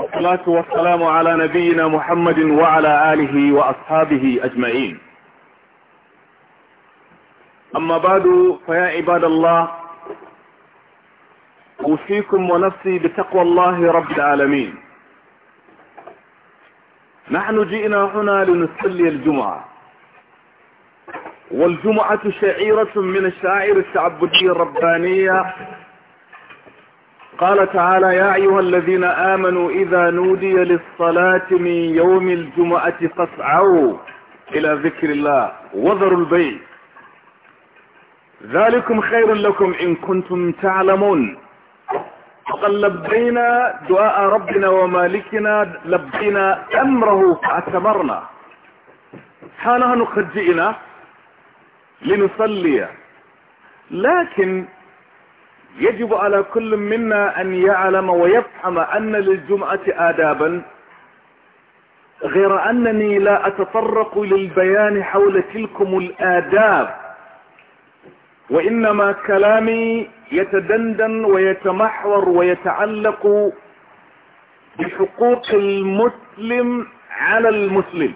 والصلاة والسلام على نبينا محمد وعلى آله وأصحابه أجمعين أما بعد فيا عباد الله أوصيكم ونفسي بتقوى الله رب العالمين نحن جئنا هنا لنصلي الجمعة والجمعة شعيرة من الشاعر التعبدية الربانية قال تعالى يا أيها الذين آمنوا إذا نودي للصلاة من يوم الجمعة فاسعوا إلى ذكر الله وذروا البيت ذلكم خير لكم إن كنتم تعلمون فقال لبينا دعاء ربنا ومالكنا لبينا أمره فأتمرنا حانها نخجئنا لنصلي لكن يجب على كل منا أن يعلم ويفهم أن للجمعة آدابا غير أنني لا أتطرق للبيان حول تلكم الآداب وإنما كلامي يتدندن ويتمحور ويتعلق بحقوق المسلم على المسلم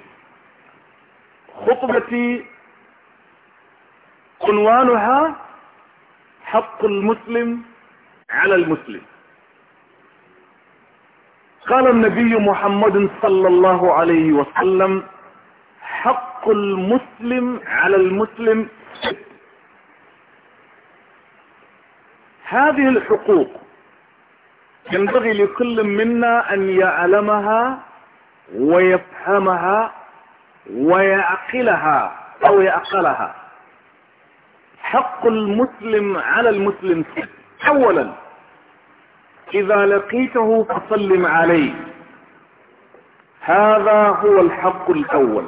خطبتي عنوانها حق المسلم على المسلم قال النبي محمد صلى الله عليه وسلم حق المسلم على المسلم ست هذه الحقوق ينبغي لكل منا أن يعلمها ويفهمها ويعقلها أو يعقلها حق المسلم على المسلم أولا إذا لقيته فسلم عليه هذا هو الحق الأول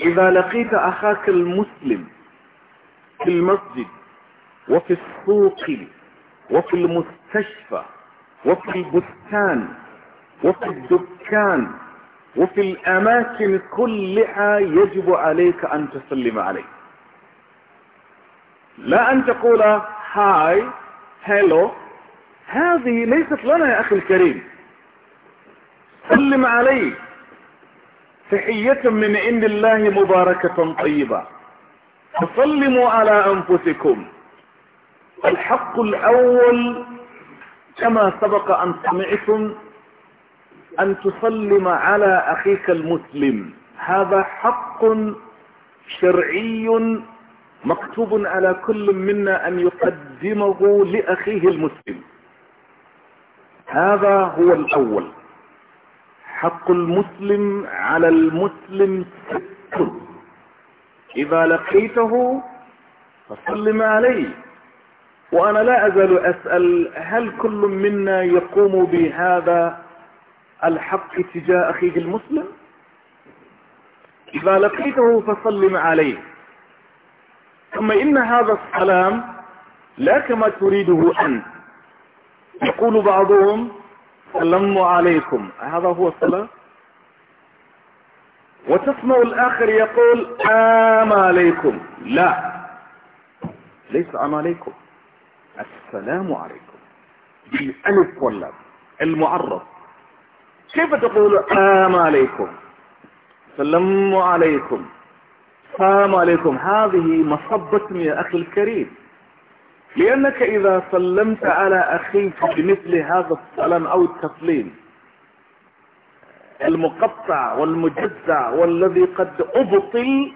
إذا لقيت أخاك المسلم في المسجد وفي السوق وفي المستشفى وفي البستان وفي الدكان وفي الأماكن كلها يجب عليك أن تسلم عليه لا أن تقول هاي هلو هذه ليست لنا يا أخي الكريم سلم علي تحية من عند الله مباركة طيبة فسلموا على أنفسكم الحق الأول كما سبق أن سمعتم أن تسلم على أخيك المسلم هذا حق شرعي مكتوب على كل منا أن يقدمه لأخيه المسلم هذا هو الأول حق المسلم على المسلم ست إذا لقيته فسلم عليه وأنا لا أزال أسأل هل كل منا يقوم بهذا الحق تجاه أخيه المسلم إذا لقيته فسلم عليه ثم إن هذا السلام لا كما تريده أنت يقول بعضهم سلموا عليكم هذا هو السلام وتسمع الآخر يقول آم عليكم لا ليس آم عليكم السلام عليكم بالألف واللام المعرض كيف تقول آم عليكم سلم عليكم السلام عليكم هذه مصبة يا أخي الكريم لأنك إذا سلمت على أخيك بمثل هذا السلام أو التسليم المقطع والمجزع والذي قد أبطل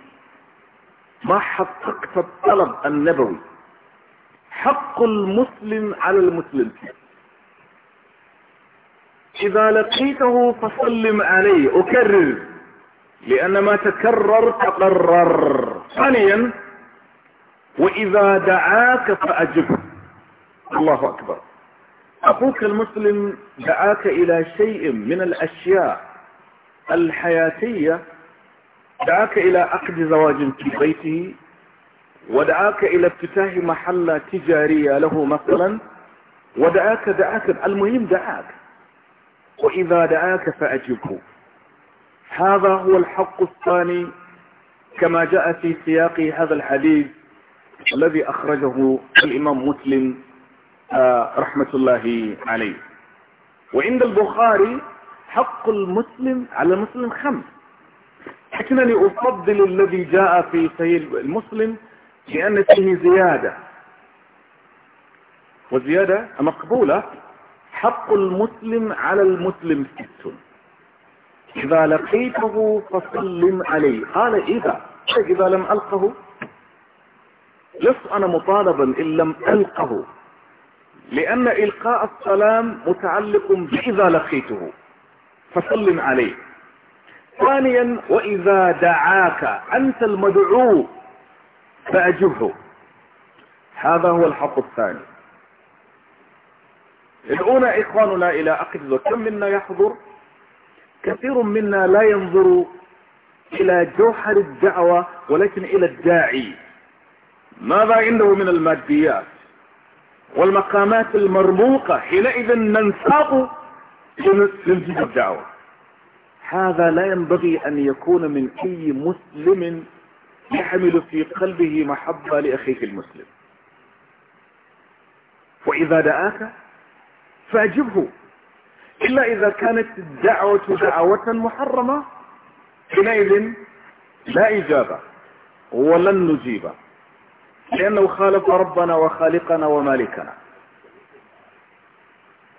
ما حققت الطلب النبوي حق المسلم على المسلم إذا لقيته فسلم عليه أكرر لأن ما تكرر تقرر ثانيا وإذا دعاك فأجبه الله أكبر أخوك المسلم دعاك إلى شيء من الأشياء الحياتية دعاك إلى عقد زواج في بيته ودعاك إلى افتتاح محلة تجارية له مثلا ودعاك دعاك المهم دعاك وإذا دعاك فأجبه هذا هو الحق الثاني كما جاء في سياق هذا الحديث الذي أخرجه الإمام مسلم آه، رحمة الله عليه وعند البخاري حق المسلم على المسلم خمس لكنني أفضل الذي جاء في سيد المسلم لأن فيه زيادة وزيادة مقبولة حق المسلم على المسلم ست إذا لقيته فسلم عليه قال إذا إذا لم ألقه لست أنا مطالبا إن لم ألقه لأن إلقاء السلام متعلق بإذا لقيته فسلم عليه ثانيا وإذا دعاك أنت المدعو فأجبه هذا هو الحق الثاني الأولى إخواننا إلى أقدس وكم منا يحضر كثير منا لا ينظر إلى جوهر الدعوة ولكن إلى الداعي ماذا عنده من الماديات والمقامات المرموقة حينئذ ننساق لننتج الدعوة هذا لا ينبغي أن يكون من أي مسلم يحمل في قلبه محبة لأخيه المسلم وإذا دعاك فأجبه إلا إذا كانت الدعوة دعوة محرمة حينئذ لا إجابة ولن نجيب لأنه خالف ربنا وخالقنا ومالكنا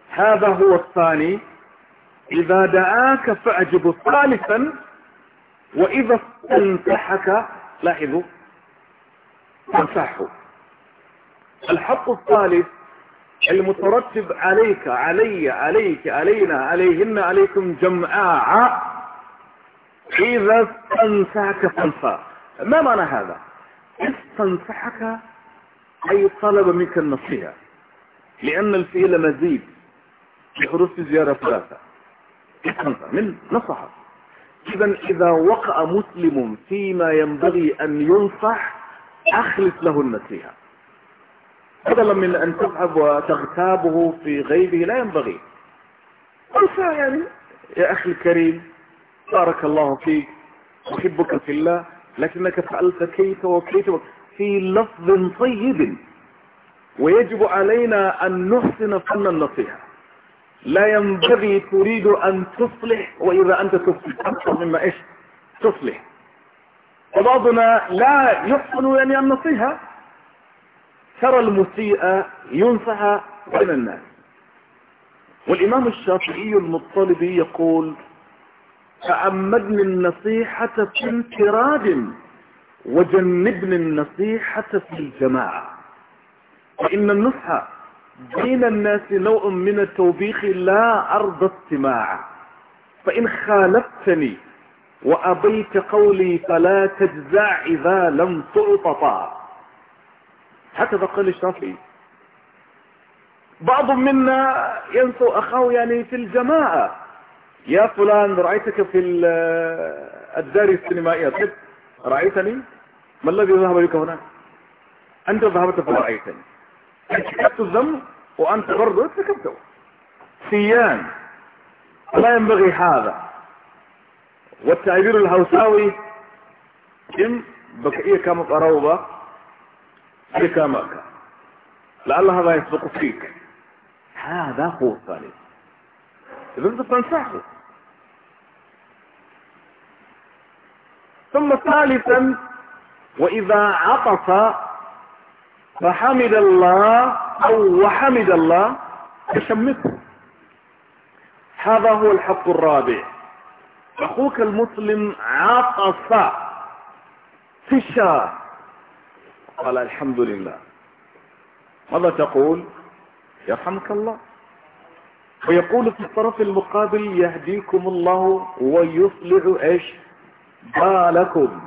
هذا هو الثاني إذا دعاك فأجب ثالثا وإذا استنفحك لاحظوا تنفحه الحق الثالث المترتب عليك علي عليك علينا عليهن عليكم جمعاء إذا استنسعك فانسى ما معنى هذا استنسحك أي طلب منك النصيحة لأن الفئل مزيد في حروف زيارة ثلاثة استنسح من نصحك إذا إذا وقع مسلم فيما ينبغي أن ينصح أخلص له النصيحة بدلا من أن تذهب وتغتابه في غيبه لا ينبغي قلت يعني يا أخي الكريم بارك الله فيك أحبك في الله لكنك فعلت كيف وكيف في لفظ طيب ويجب علينا أن نحسن فن النصيحة لا ينبغي تريد أن تصلح وإذا أنت تصلح أكثر مما إيش تصلح وبعضنا لا يحسن يعني النصيحة ترى المسيء ينفع بين الناس والإمام الشافعي المطلبي يقول تعمدني النصيحة في انفراد وجنبني النصيحة في الجماعة فإن النصح بين الناس نوع من التوبيخ لا أرضى استماع فإن خالفتني وأبيت قولي فلا تجزع إذا لم تعططا هكذا قال الشافعي بعض منا ينسوا أخاه يعني في الجماعة يا فلان رأيتك في الدار السينمائية طيب رأيتني ما الذي ذهب بك هناك أنت ذهبت فرأيتني ارتكبت الذنب وأنت برضه ارتكبته سيان لا ينبغي هذا والتعبير الهوساوي إن بك إيه قروبة sai kama لعل هذا يسبق فيك هذا هو الثالث إذن تنسحه ثم ثالثا وإذا عطف فحمد الله أو وحمد الله تشمته هذا هو الحق الرابع أخوك المسلم عطف فشى قال الحمد لله ماذا تقول يرحمك الله ويقول في الطرف المقابل يهديكم الله ويصلح ايش بالكم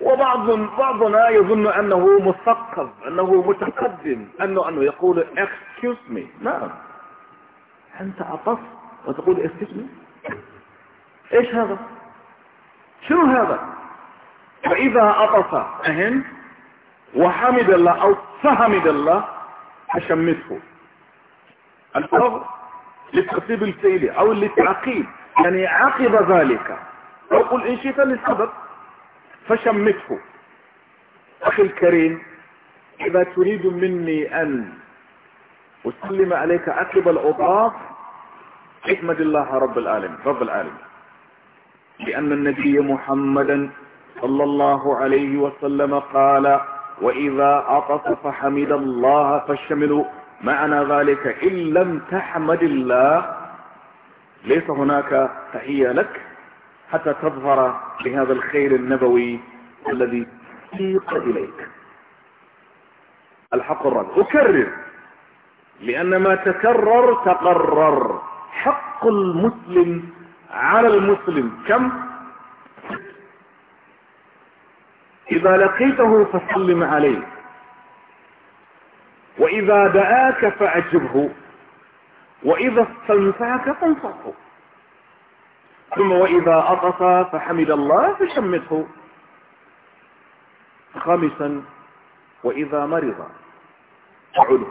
وبعض بعضنا يظن انه مثقف انه متقدم انه انه يقول excuse me نعم انت عطفت وتقول excuse me ايش هذا شنو هذا فإذا عطس أهم وحمد الله أو فحمد الله فشمته الفرض لترتيب الفعلي أو للتعقيب يعني عقب ذلك أو قل إن شئت للسبب فشمته أخي الكريم إذا تريد مني أن أسلم عليك عقب الأطاف احمد الله رب العالمين رب العالمين لأن النبي محمدا صلى الله عليه وسلم قال وإذا عطس فحمد الله فاشتملوا معنى ذلك إن لم تحمد الله ليس هناك تحية لك حتى تظهر بهذا الخير النبوي الذي سيق إليك الحق الرد أكرر لأن ما تكرر تقرر حق المسلم على المسلم كم إذا لقيته فسلم عليه وإذا دعاك فأجبه وإذا استنفعك فانصره ثم وإذا أطفى فحمد الله فشمته خامسا وإذا مرض فعده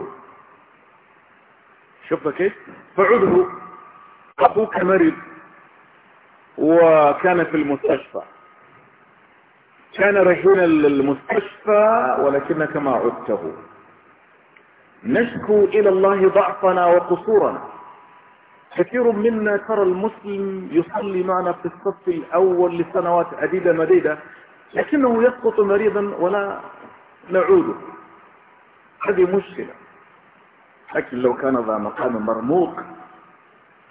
شوف كيف فعده أخوك مرض وكان في المستشفى كان رجلا للمستشفى ولكنك ما عدته نشكو إلى الله ضعفنا وقصورنا كثير منا ترى المسلم يصلي معنا في الصف الأول لسنوات عديدة مديدة لكنه يسقط مريضا ولا نعوده هذه مشكلة لكن لو كان ذا مقام مرموق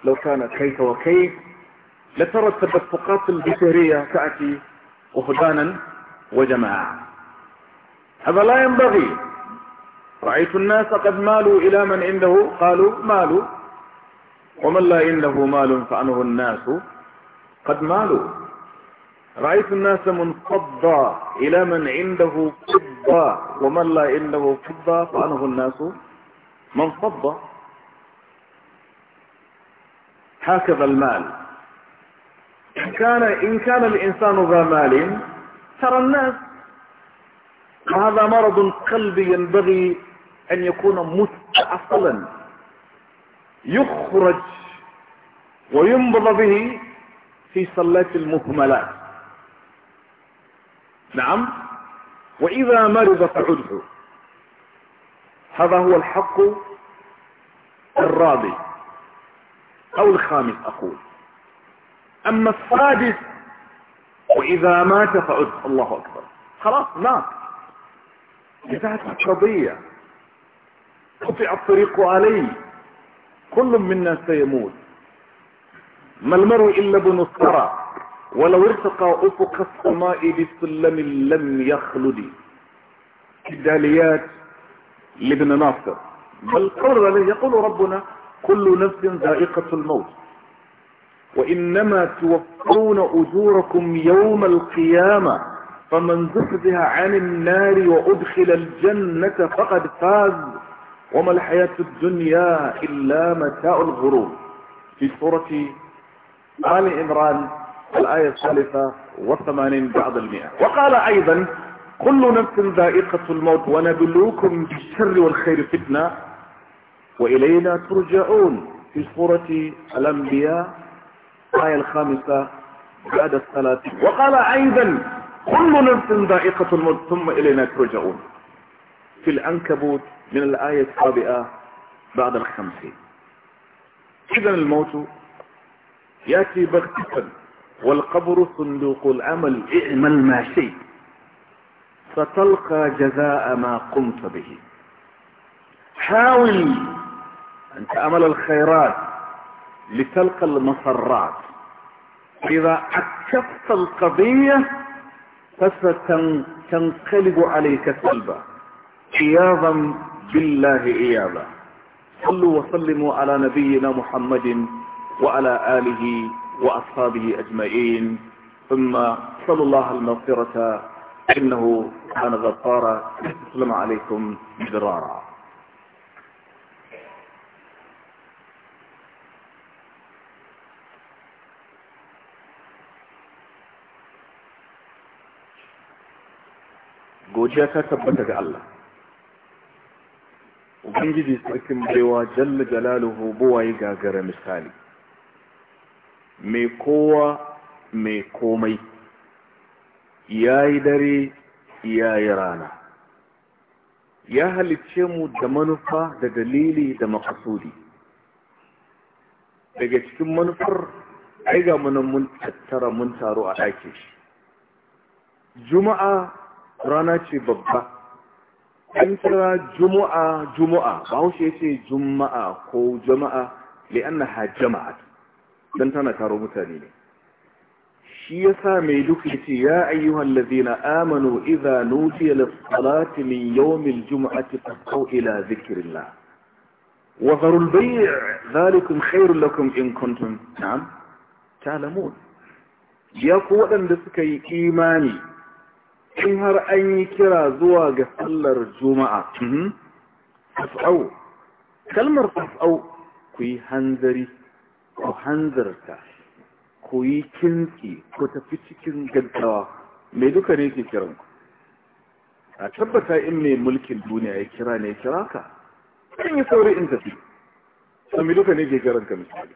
لو كان كيف وكيف لترى التدفقات البشرية تأتي وفلانا وجماعة هذا لا ينبغي رأيت الناس قد مالوا إلى من عنده قالوا مالوا ومن لا عنده مال فعنه الناس قد مالوا رأيت الناس منفضة إلى من عنده فضة ومن لا عنده فضة فعنه الناس منفضة هكذا المال إن كان, إن كان الإنسان ذا مال ترى الناس وهذا مرض قلبي ينبغي أن يكون مستعصلا يخرج وينبض به في صلاة المهملات نعم وإذا مرض فعده هذا هو الحق الرابع أو الخامس أقول أما السادس وإذا مات فأذ الله أكبر خلاص مات انتهت القضية قطع الطريق عليه كل منا سيموت ما المرء إلا ابن الثرى ولو ارتقى أفق السماء بسلم لم يخلد الداليات لابن ناصر بل قرر يقول ربنا كل نفس ذائقة الموت وإنما توفون أجوركم يوم القيامة فمن زفزها عن النار وأدخل الجنة فقد فاز وما الحياة الدنيا إلا متاع الغرور في سورة آل عمران الآية الثالثة والثمانين بعد المئة وقال أيضا كل نفس ذائقة الموت ونبلوكم بالشر والخير فتنة وإلينا ترجعون في سورة الأنبياء الآية الخامسة بعد الصلاة وقال أيضا كل نفس ذائقة الموت ثم إلينا ترجعون في الأنكبوت من الآية السابعة بعد الخمسين إذا الموت يأتي بغتة والقبر صندوق الأمل اعمل ما شيء فتلقى جزاء ما قمت به حاول أن تعمل الخيرات لتلقى المسرات إذا عكفت القضية فستنقلب عليك سلبا عياذا بالله عياذا صلوا وسلموا على نبينا محمد وعلى آله وأصحابه أجمعين ثم صلوا الله المغفرة إنه كان غفارا السلام عليكم مدرارا godiya ta tabbata ga Allah ubangiji sakin baiwa jalla jalaluhu buwaye gagara misali mai kowa mai komai ya yi dare ya yi rana ya halicce mu da manufa da dalili da makasudi daga cikin manufar ai ga munan mun tattara mun taro a ɗake shi juma'a rana ce babba an tsara juma'a juma'a ba haushe ya ce juma'a ko jama'a le an ha jama'a dan tana karo mutane ne shi yasa mai duk ce ya ayyuhan lazina amanu idza nudiya lis salati min yawmil juma'ati fasau ila zikrillah wa zarul bay' zalikum khairul lakum in kuntum na'am ta'lamun ya ku waɗanda suka yi imani in har an yi kira zuwa ga sallar juma'a mhm, fas'au kalmar fas'au ku yi hanzari ku hanzarta ku yi kintsi ku tafi cikin gaggawa mai duka ne ke kiran ku a tabbata in mai mulkin duniya ya kira ne kira ka kan yi sauri in tafi sun mai duka ne ke kiran ka misali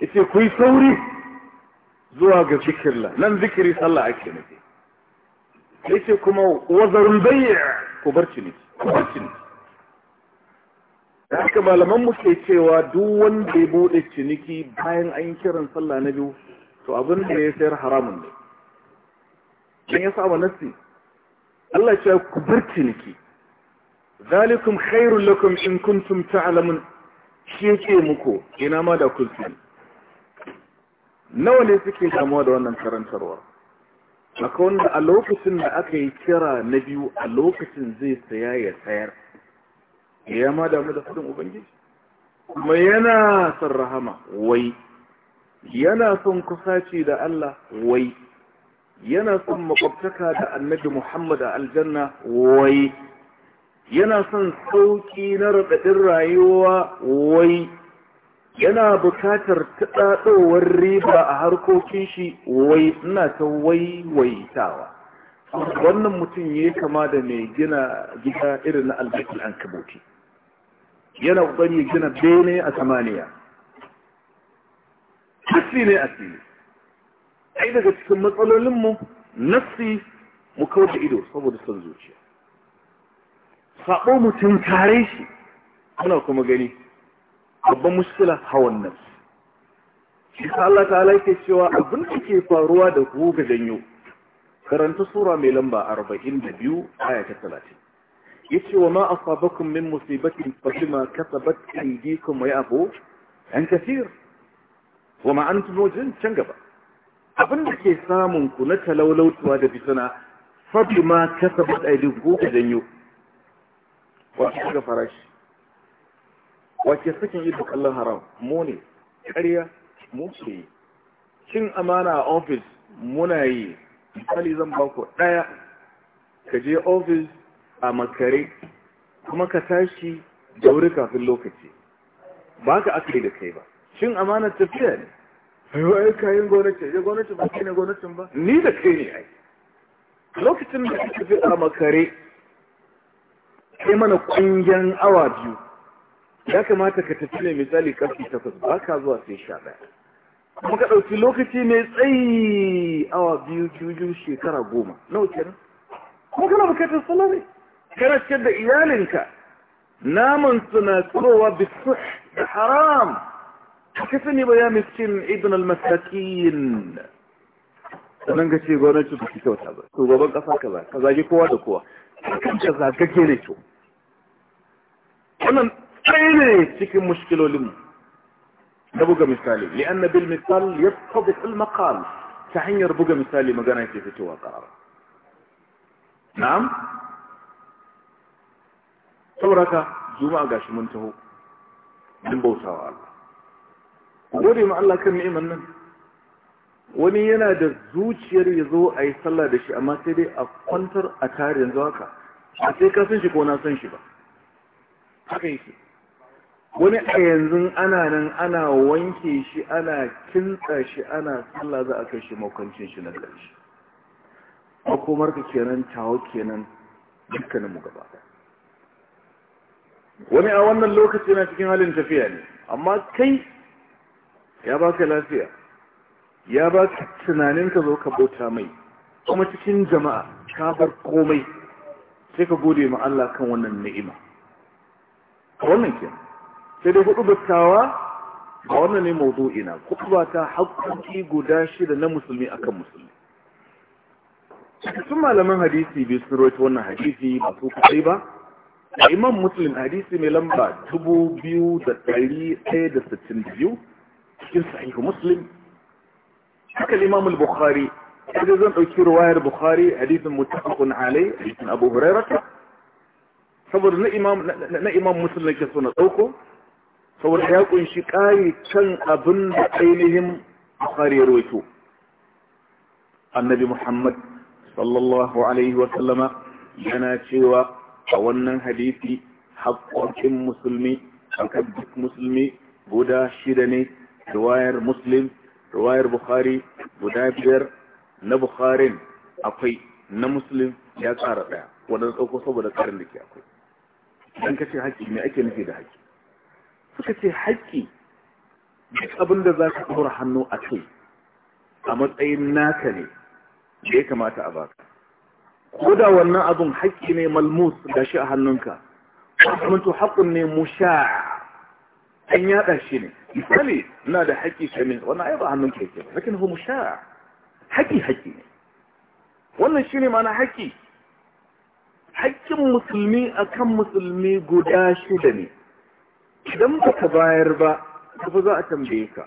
ita ku yi sauri zuwa ga zikirla nan zikiri sallah ake nufi ce kuma wazarin bayya ku bar ciniki da haka malaman mu ke cewa duk wanda ya bude ciniki bayan an yi kiran sallah na biyu to abin da ya sayar haramun ne dan ya saba nasi Allah ya ku ciniki zalikum khairul lakum in kuntum ta'lamun shi yake muku ina ma da kun nawa ne suke samuwa da wannan karantarwa akwai a lokacin da aka yi kira na biyu a lokacin zai saya ya sayar ya ma damu da kudin ubangiji kuma yana son rahama wai yana son kusaci da Allah wai yana son makwabtaka da annabi Muhammad a aljanna wai yana son sauki na raɗaɗin rayuwa wai yana bukatar tsadowar riba a harkokin shi wai ina ta waiwaitawa wannan mutum yayi kama da mai gina gida irin na albaitul an kabuti yana ƙoƙari gina bene a samaniya asiri ne asiri ai daga cikin matsalolinmu nafsi mu kawar da ido saboda son zuciya saɓo mutum tare shi ana kuma gani babban muskila hawan nan shi Allah ta alaike cewa abin da ke faruwa da ku ga janyo karanta sura mai lamba 42 aya ta Ya ce wa ma sabakun min musibatin fa bima kasabat aydikum mai abu? an kafir wa ma tuno jin can gaba abin da ke samun ku na talaulautuwa da bisana fa bima kasabat aydikum ku ga janyo wa ga farashi wace sakin da kallon haram mu ne ƙarya mu ke yi cin amana a ofis muna yi misali zan ba ku ɗaya ka je ofis a makare kuma ka tashi da wuri kafin lokaci ba ka akali da kai ba cin amana tafiya ne ai kayan gwamnati ya gwamnati ba kai ne gwamnatin ba ni da kai ne ai lokacin da ka tafi a makare kai mana kungiyar awa biyu ya kamata ka tafi ne misali karfi takwas ba ka zuwa sai sha ɗaya kuma ka ɗauki lokaci mai tsayi awa biyu biyu shekara goma nawa kenan kuma kana bukatar salari kana cikin da iyalinka naman suna tsirowa bisu da haram haka sani ba ya miskin ibn al-masakin sannan ka ce gwamnati ba ki kyauta ba shugaban ƙasa kaza ka zagi kowa da kowa hakan ka zagage ne to wannan kadai ne cikin mushkilolinmu da buga misali na bil misal yattabiq al maqal ta hanyar buga misali magana ke fitowa ƙara na'am sauraka juma'a gashi mun taho din bautawa Allah gode ma Allah kan ni'iman nan wani yana da zuciyar ya zo a yi sallah da shi amma sai dai a kwantar a tare yanzu haka a sai ka san shi ko na san shi ba haka yake wani a yanzu ana nan ana wanke shi ana kintsa shi ana sallah za a kai shi makwancin shi na ƙarshe makomar ka kenan tawo kenan dukkanin mu gaba wani a wannan lokaci na cikin halin tafiya ne amma kai ya ba ka lafiya ya baka tunanin ka zo ka bauta mai kuma cikin jama'a ka bar komai sai ka gode ma Allah kan wannan ni'ima wannan kenan sai dai hudu battawa ba wannan ne mawdu'ina hudu ba ta haƙƙoƙi guda shida na musulmi akan musulmi cikin malaman hadisi bai su rawaita wannan hadisi ba su kusai ba a imam musulmi hadisi mai lamba dubu biyu da dari ɗaya da sittin da biyu cikin sahihu muslim haka imam al-bukhari sai zan ɗauki ruwayar bukhari hadisin mutafakun alai hadisin abu hurairata saboda na imam muslim ke so na ɗauko saboda ya kunshi ƙari kan abin da ainihin Bukhari ya rawaito annabi Muhammad sallallahu alaihi wa sallama yana cewa a wannan hadisi haƙƙoƙin musulmi akan duk musulmi guda shida ne riwayar muslim riwayar bukhari guda biyar na bukharin akwai na muslim ya tsara ɗaya wadda ɗauko saboda tsarin da ke akwai in ka ce haƙƙi me ake nufi da haƙƙi suka ce haƙƙi duk abin da za ka ɗora hannu a kai a matsayin naka ne da ya kamata a baka ko da wannan abin haƙƙi ne malmus da shi a hannunka wasu haƙƙun ne musha an yaɗa shi ne misali na da haƙƙi shamin wannan ayaba hannun hannunka yake ba lakin hu musha haƙƙi haƙƙi ne wannan shi ne mana haƙƙi haƙƙin musulmi akan musulmi guda shida ne idan ba ka bayar ba ba za a tambaye ka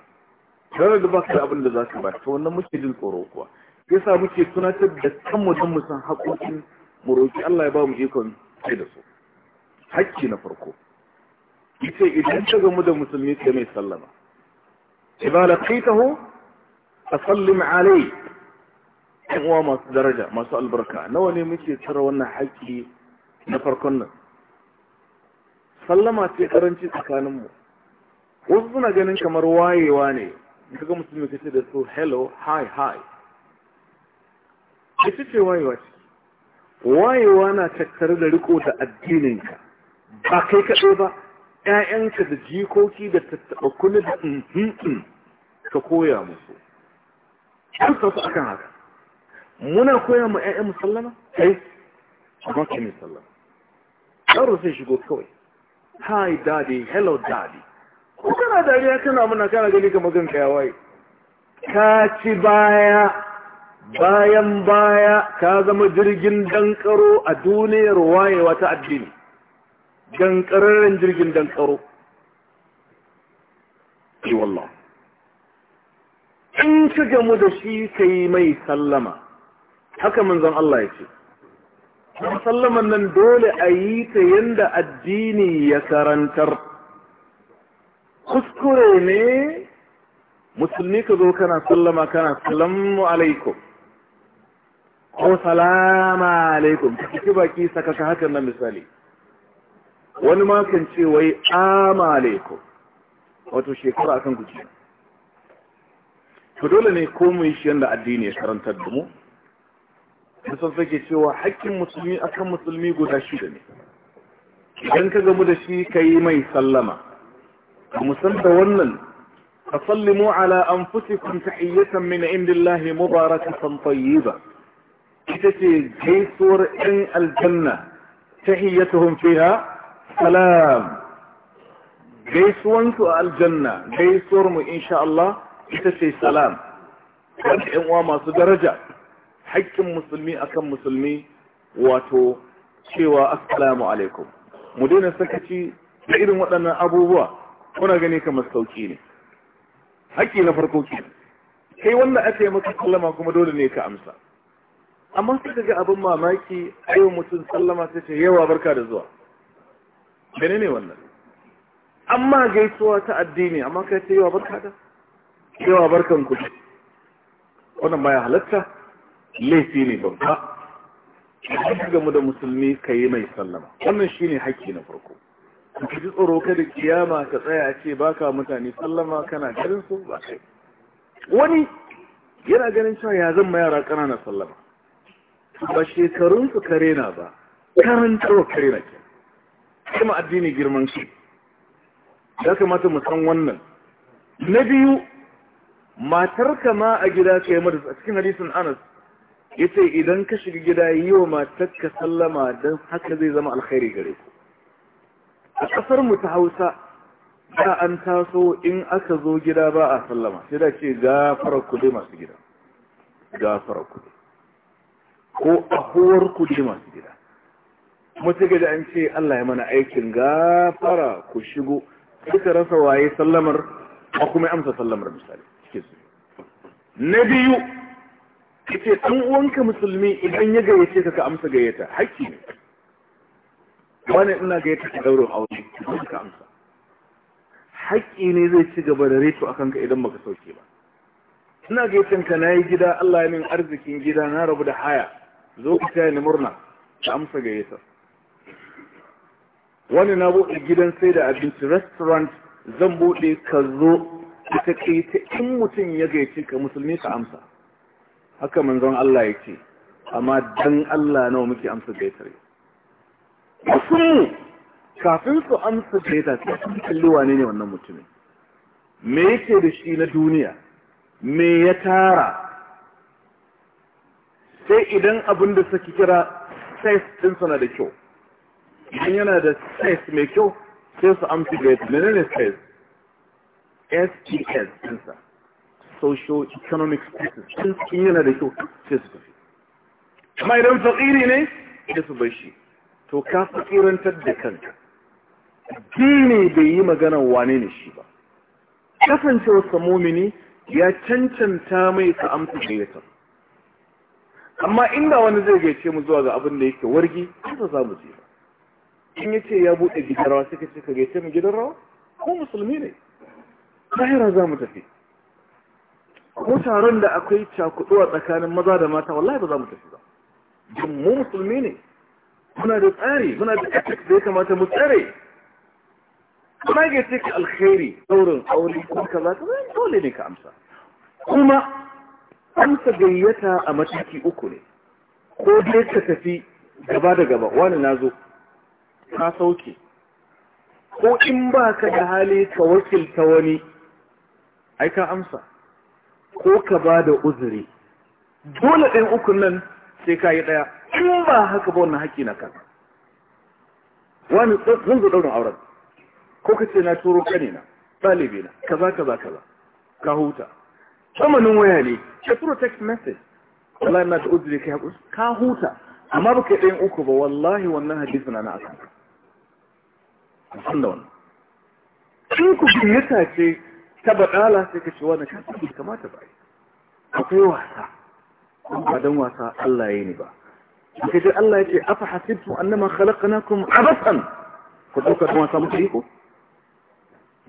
don da ba ka abin da za ka ba ta wannan muke jin tsoro kuwa ya sa muke tunatar da kanmu don mu san haƙoƙin mu roƙi Allah ya ba mu ikon kai da su hakki na farko yace idan ka gamu da musulmi sai mai sallama idza laqitahu fasallim alayhi ɗan uwa masu daraja masu albarka nawa ne muke tsara wannan haƙƙi na farkon nan sallama ce karanci tsakaninmu wasu suna ganin kamar wayewa ne daga musulmi ka ce da su hello hi hi ita ce wayewa ce wayewa na tattare da riko da addininka ba kai kaɗai ba ‘ya'yanka da jikoki da tattaɓa kuni da ɗin ka koya musu an su akan haka muna koya ma ‘ya'yan musallama eh, kai a makin sallama ɗan sai shigo kawai hi daddy hello daddy ko kana dariya kana muna kana gani kamar ganka ya waye ka ci baya bayan baya ka zama jirgin dankaro a duniyar wayewa ta addini dankararren jirgin dankaro ki wallah in ci gamu da shi ka yi mai sallama haka manzon Allah ya ce sallama nan dole a yi ta yadda addini ya karantar kuskure ne musulmi ka zo kana sallama kana salamu alaikum ko salama alaikum ciki baki sakaka hakan na misali wani makon ce wai ama alaikum wato shekara akan guji to dole ne ko mu yi shi yadda addini ya karantar da mu nisan sake cewa haƙƙin musulmi akan musulmi guda shida ne idan ka gamu da shi ka yi mai sallama ka musanta wannan ka sallimu ala an fusi kun ta'iyyatan min indillahi mubarakatan ba. ita ce gaisuwar ɗan aljanna tahiyyatuhum fiha salam gaisuwansu a aljanna gaisuwar mu insha Allah ita ce salam wanda ƴan uwa masu daraja haƙƙin musulmi akan musulmi wato cewa assalamu alaikum mu daina sakaci da irin waɗannan abubuwa kuna gani kamar sauki ne haƙƙi na farko ke kai wanda aka yi maka sallama kuma dole ne ka amsa amma sai ga abin mamaki ayo mutum sallama sai ce yawa barka da zuwa menene wannan amma gaisuwa ta addini amma kai ce yawa barka da yawa barkan ku wannan baya halatta laifi ne babba ka gamu da musulmi ka yi mai sallama wannan shi ne haƙƙi na farko ka ji tsoro kada kiyama ka tsaya ce baka mutane sallama kana ganin su ba kai wani yana ganin cewa ya zan ma yara ƙanana sallama ba shekarun su kare na ba karantarwa kare na ke kuma addini girman shi ya kamata mu san wannan na biyu matarka ma a gida ka yi a cikin hadisin anas yace idan ka shiga gida yi wa matarka sallama don haka zai zama alkhairi gare ku a ƙasar mu ta Hausa ba an taso in aka zo gida ba a sallama sai da ce gafara ku dai masu gida gafara ku ko ahuwar ku dai masu gida mutu gida an ce Allah ya mana aikin gafara ku shigo ka rasa waye sallamar ko kuma amsa sallamar misali na biyu kace dan uwanka musulmi idan ya gayyace ka ka amsa gayyata haƙƙi ne wani ina gayyata ka daurin aure ka amsa haƙƙi ne zai ci gaba da reto akan ka idan baka sauke ba ina gayyatan ka nayi gida Allah ya min arzikin gida na rabu da haya zo ka taya ni murna ka amsa gayyata wani na buɗe gidan sai da abinci restaurant zan buɗe ka zo ka kai ta in mutum ya gayyace ka musulmi ka amsa haka manzon Allah ya ce, amma dan Allah nawa muke amsa gaitare musulmi kafin su amsa gaita sai sun kalli wane ne wannan mutumin me yake da shi na duniya me ya tara sai idan abin da suka kira sai ɗinsa na da kyau idan yana da ses mai kyau sai su amsa gaita menene ses sts e ɗinsa socio-economic status cikin yana da kyau sai su tafi amma idan fakiri ne sai su bar shi to ka fakirantar da kanka addini bai yi magana wane ne shi ba kasancewarsa mumini ya cancanta mai ka amsa gayyatar amma inda wani zai gaice mu zuwa ga abin da yake wargi kasa za mu je ba in yace ya buɗe gidan rawa suka ce ka gaice mu gidan rawa ko musulmi ne lahira za mu tafi mu taron da akwai cakuduwa tsakanin maza da mata wallahi ba za mu tafi ba don mu musulmi ne muna da tsari muna da ethics da ya kamata mu tsare kuma ga ka alkhairi saurin aure ko kaza kaza dole ne ka amsa kuma amsa gayyata a mataki uku ne ko dai ka tafi gaba da gaba wani na zo ka sauke ko in ba ka da hali ka wakilta wani ai ka amsa ko ka ba da uzuri dole ɗin ukun nan sai ka yi ɗaya in ba haka ba wannan haƙƙi na kan wani zan zo ɗaurin auren ko ka ce na turo kane na ɗalibi na kaza ka za ka huta samanin waya ne ka turo text message wallahi na ta uzuri ka yi ka huta amma ba ka yi ɗayan uku ba wallahi wannan hadisi na na akan ka san da wannan in ku biyyata ce ta baɗala sai ka ce wani kasa kamata ba akwai wasa ba don wasa Allah ya ni ba ka ce Allah ya ce afa hasibtum annama khalaqnakum abasan ku dauka don wasa muku iko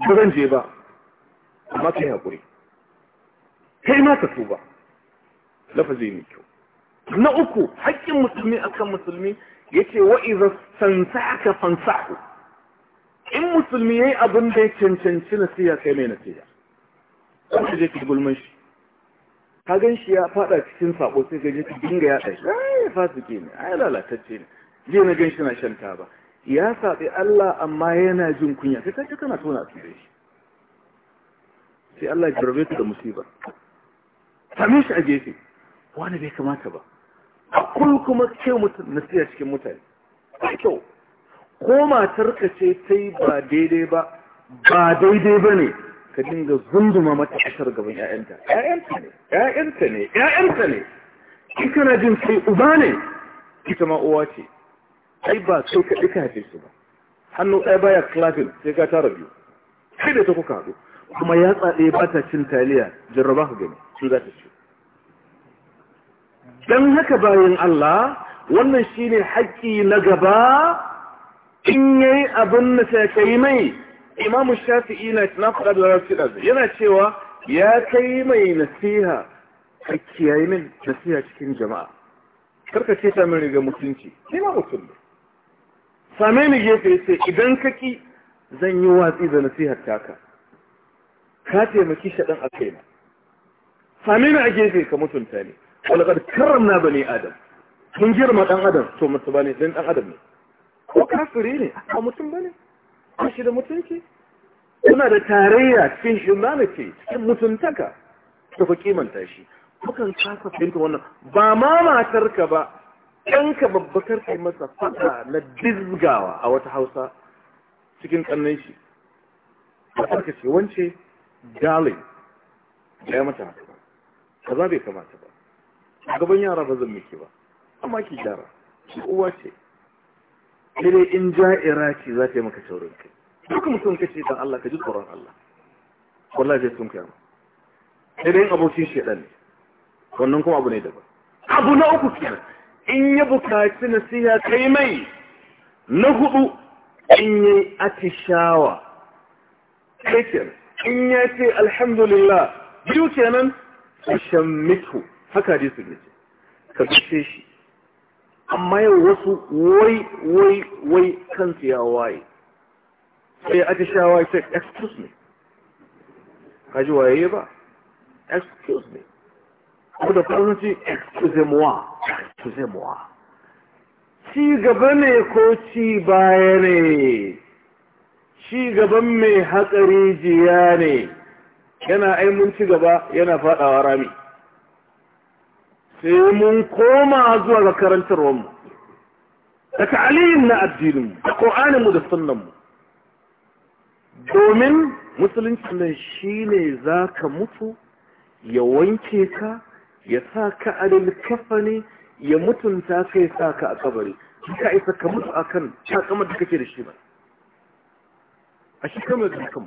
ba zan je ba amma kai hakuri kai ma ka tuba lafazi mai kyau na uku haƙƙin musulmi akan musulmi yace wa idza stansaka fansahu in musulmi ya yi abin da ya cancanci siya kai mai siya. ko ka je ki gulman shi ka gan shi ya fada cikin sako sai ka je ki dinga ya dai fasu ke ne ai lalatacce ne je na gan shi na shan taba ya saɓi Allah amma yana jin kunya sai kace kana tona asiri shi sai Allah ya jarabe da musiba same shi a gefe wani bai kamata ba a kuma ke mutum siya cikin mutane ba kyau ko matarka ce ta ba daidai ba ba daidai ba ne ka dinga zunduma mata ashar gaban ‘ya'yanta ‘ya'yanta ne ‘ya'yanta ne ‘ya'yanta kana jin sai uba ne ita ma uwa ce ai ba sau ka ɗika haife su ba hannu ɗaya baya klafin sai ka tara biyu sai da ta kuka haɗu kuma ya tsaɗe ba ta cin taliya jarraba ka gani su za ta ce don haka bayan Allah wannan shine haƙƙi na gaba in ya yi abin da sai yi mai imamu shafi'i na na faɗa da rasu ɗazu yana cewa ya yi mai nasiha a kiyaye min nasiha cikin jama'a karka ce ta min riga mutunci ni ma mutum ne same ni gefe sai idan ka ki zan yi watsi da nasihar taka ka taimaki shaɗan a kaina same ni a gefe ka mutunta ne walakar karamna ne adam Kun girma ɗan adam to masu ba ne ɗan adam ne ko kafiri ne a mutum bane a shi da mutunci suna da tarayya cikin humanity cikin mutuntaka ta fi kimanta shi kukan kasa fahimta wannan ba ma ka ba ka babbakar kai masa fada na dizgawa a wata hausa cikin tsannan shi a tsarka ce wance darling ya mata haka ba za bai kamata ba gaban yara ba zan miki ba amma ki gyara ki uwa ce sai dai in ja'ira ce za ta yi maka taurin kai duk mutum ka ce dan Allah ka ji tsoron Allah wallahi zai sun kiyama sai dai abokin shedan ne wannan kuma abu ne daban abu na uku kenan in ya bukaci nasiha kai mai na hudu in yi atishawa kai kenan in ya ce alhamdulillah biyu kenan Ka shan mitu. haka dai su ne ka bishe shi amma yau wasu wai wai wai kansu ya waye sai aka sha waye sai excuse me kaji waye ba excuse me ko da ci excuse moi excuse moi ci gaba ne ko ci baya ne ci gaban mai hatsari jiya ne yana ai ci gaba yana fadawa rami sai mun koma zuwa ga karantarwarmu da ta'alim na addininmu da ƙo'aninmu da sunanmu domin musulunci nan shi ne za ka mutu ya wanke ka ya sa ka a kafa ne ya mutunta ka ya sa ka a kabari ka isa ka mutu a kan takamar da kake da shi ba a shi kamar da kama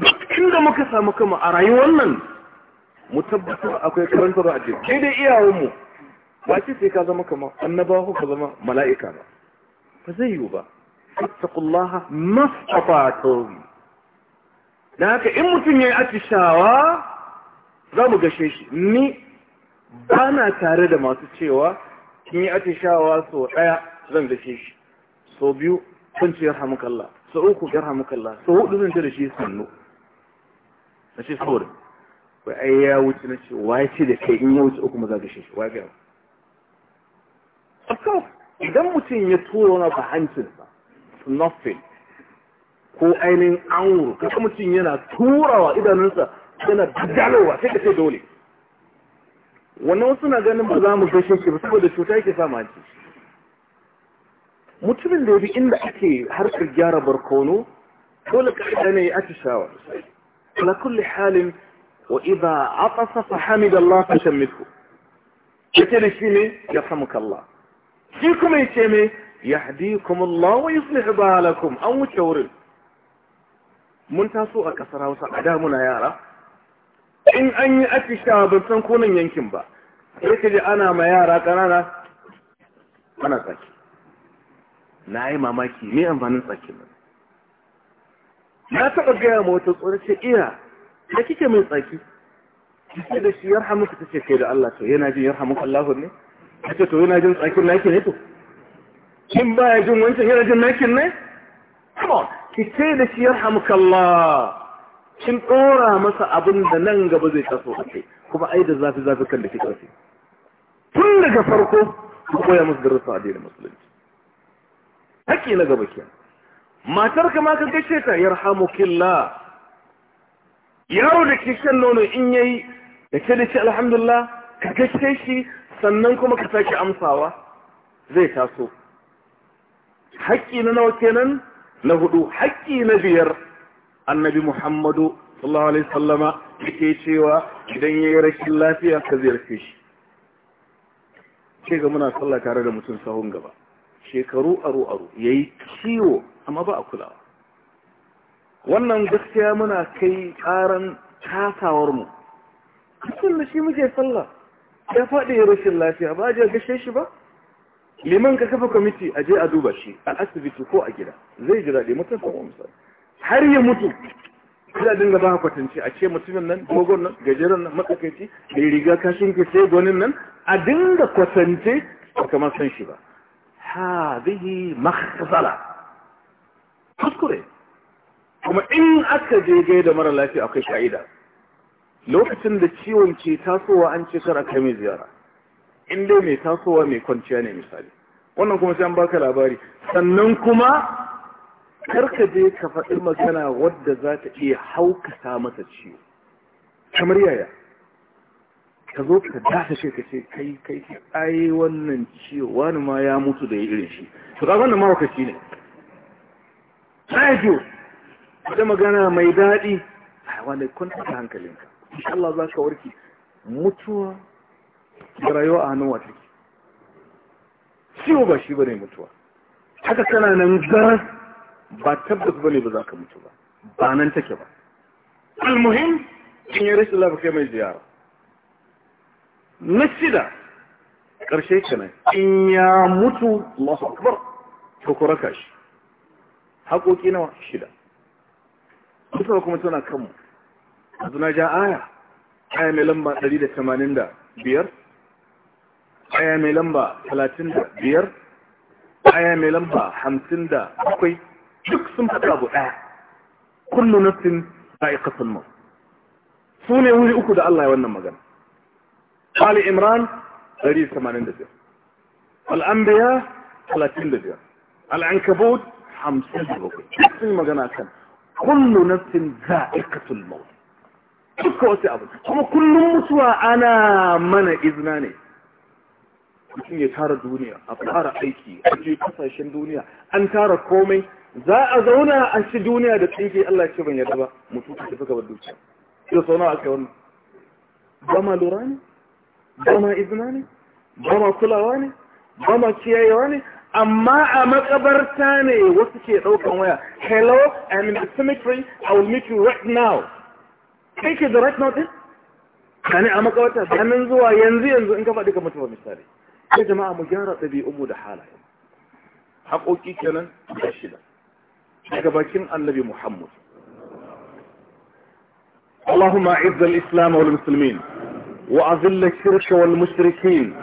duk inda muka samu kama a rayuwar nan mu tabbatar akwai karantarwa a jiki ke dai mu ba ce sai ka zama kama annaba ko ka zama mala'ika ba ba zai yiwu ba fattakullaha mastafatun da haka in mutum ya yi atishawa za mu gashe shi ni ba na tare da masu cewa kin yi atishawa sau ɗaya zan gashe shi sau biyu kun ce yarhamukallah sau uku yarhamukallah sau hudu zan ce da shi sannu na shi saurin ko ai ya wuce na ce wai ce da kai in ya wuce uku maza da shi wai ga of course idan mutum ya tura wani ba hancinsa nothing ko ainihin an wuru kaka mutum yana turawa idanunsa yana dalowa sai ka ce dole wannan wasu na ganin ba za mu ga shi ba saboda cuta yake sa maji mutumin da ya bi inda ake harkar gyara barkono dole ka ne ya shawar na kulle halin wa idha atasa fa hamidallah fa shammithu yace da shi ne yarhamukallah shi kuma yace me yahdikumullah wa yuslih balakum an wuce wurin mun taso a kasar Hausa a da muna yara in an yi atishawa ban san konan yankin ba ana ma yara ƙanana ana tsaki na yi mamaki ne amfanin tsakin nan na taɓa gaya ma wata tsoron iya da kike mai tsaki kike da shi yarhamu ka tace kai da Allah to yana jin yarhamu Allah ne kace to yana jin tsakin naki ne to kin baya jin wancan yana jin nakin ne come kike ki da shi yarhamu Allah kin dora masa abin da nan gaba zai taso kai kuma ai da zafi zafi kan da kike tun daga farko ku koya musu a addinin musulunci hakki na gaba kenan matar kama ka gace ta yarhamukillah yaro da ke shan nono in yayi da ke da shi alhamdulillah ka gaske shi sannan kuma ka sake amsawa zai taso haƙƙi na nawa kenan na hudu haƙƙi na biyar annabi muhammadu sallallahu alaihi sallama ke cewa idan ya yi rashin lafiya ka ziyarce shi ce ga muna sallah tare da mutum sahun gaba shekaru aru aru ya yi ciwo amma ba a kulawa wannan gaskiya muna kai karan kasawar mu da shi muke sallah ya faɗi ya rashin lafiya ba a gashe shi ba liman ka kafa kwamiti a je a duba shi a asibiti ko a gida zai ji daɗi mutum kuma misali har ya mutu ina dinga ba kwatance a ce mutumin nan dogon nan gajeren nan matsakaici da riga ka ka sai gonin nan a dinga kwatance ba kamar san shi ba Ha yi makhzala kuskure kuma in aka je gai da mara lafiya akwai ka'ida lokacin da ciwon ke tasowa an ce kar a kai mai ziyara in dai mai tasowa mai kwanciya ne misali wannan kuma sai an baka labari sannan kuma kar ka je ka faɗi magana wadda za ta iya haukata masa ciwo kamar yaya ka zo ka dasa shi ka ce kai kai ai wannan ciwo wani ma ya mutu da ya irin shi to ka wannan mahaukaci ne sai da magana mai daɗi A wanda kwanta da hankalinka insha Allah za ka warke mutuwa da rayuwa a hannun wata ciwo ba shi bane mutuwa haka kana nan zaras ba tabbas bane ba za ka mutu ba ba nan take ba almuhim in yi rashin lafi kai mai ziyara na shida ƙarshe kenan in ya mutu Allahu akbar to ku raka shi haƙoƙi nawa shida duka kuma tana kanmu yanzu na ja aya aya mai lamba 185 aya mai lamba 35 aya mai lamba 57 duk sun faɗa abu ɗaya kullu nafsin kasan mu su ne wuri uku da Allah ya wannan magana Ali Imran 185 Al-Anbiya 35 Al-Ankabut 57 sun magana kan kullu nafsin za'iqatul maut duka wasu abu kuma kullum mutuwa ana mana izina ne mutum ya tara duniya a fara aiki a je kasashen duniya an tara komai za a zauna a ci duniya da tsinke Allah ce ban yarda ba mutum ka tafi gabar dukiya da sauna a kai wannan ba ma lura ne ba ma izina ne ba ma kulawa ne ba ma kiyayewa ne amma a makabarta ne wasu ke ɗaukan waya hello i'm in the cemetery i will meet you right now kai ke da right now din kane a makabarta sanin zuwa yanzu yanzu in ka faɗi ka mutuwa misali sai jama'a mu gyara ɗabi'unmu da halaye haƙoƙi kenan da shida daga bakin annabi muhammad اللهم أعز الإسلام والمسلمين وأذل الشرك والمشركين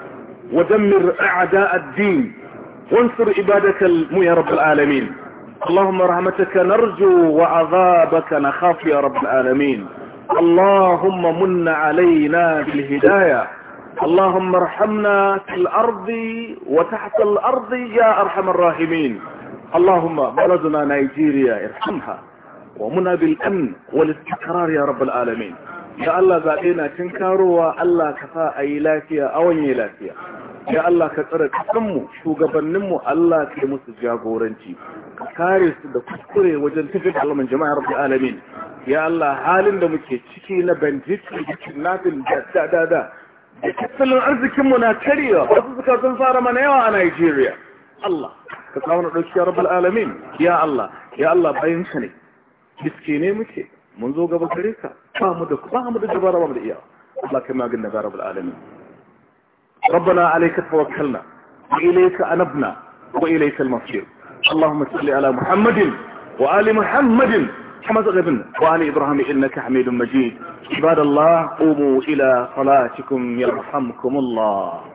ودمر أعداء الدين وانصر عبادك يا رب العالمين اللهم رحمتك نرجو وعذابك نخاف يا رب العالمين اللهم من علينا بالهداية اللهم ارحمنا في الأرض وتحت الأرض يا أرحم الراحمين اللهم بلدنا نيجيريا ارحمها ومنا بالأمن والاستقرار يا رب العالمين يا الله زالينا تنكاروا الله كفاء أي أو أي ya Allah ka tsara cikinmu shugabanninmu Allah ka yi musu jagoranci ka kare su da kuskure wajen tafiya da alamun jama'a rabbi alamin ya Allah halin da muke ciki na banjiki da kidnapping da da da da arzikinmu na karewa wasu suka sun fara mana yawa a Nigeria Allah ka kawo na ɗauki ya alamin ya Allah ya Allah bayan ka ne biske ne muke mun zo gaba gare ka ba mu da ba mu da dabara ba mu da iya Allah kai magana ga rabbul alamin ربنا عليك توكلنا وإليك أنبنا وإليك المصير اللهم صل على محمد وآل محمد كما تغبن وآل إبراهيم إنك حميد مجيد عباد الله قوموا إلى صلاتكم يرحمكم الله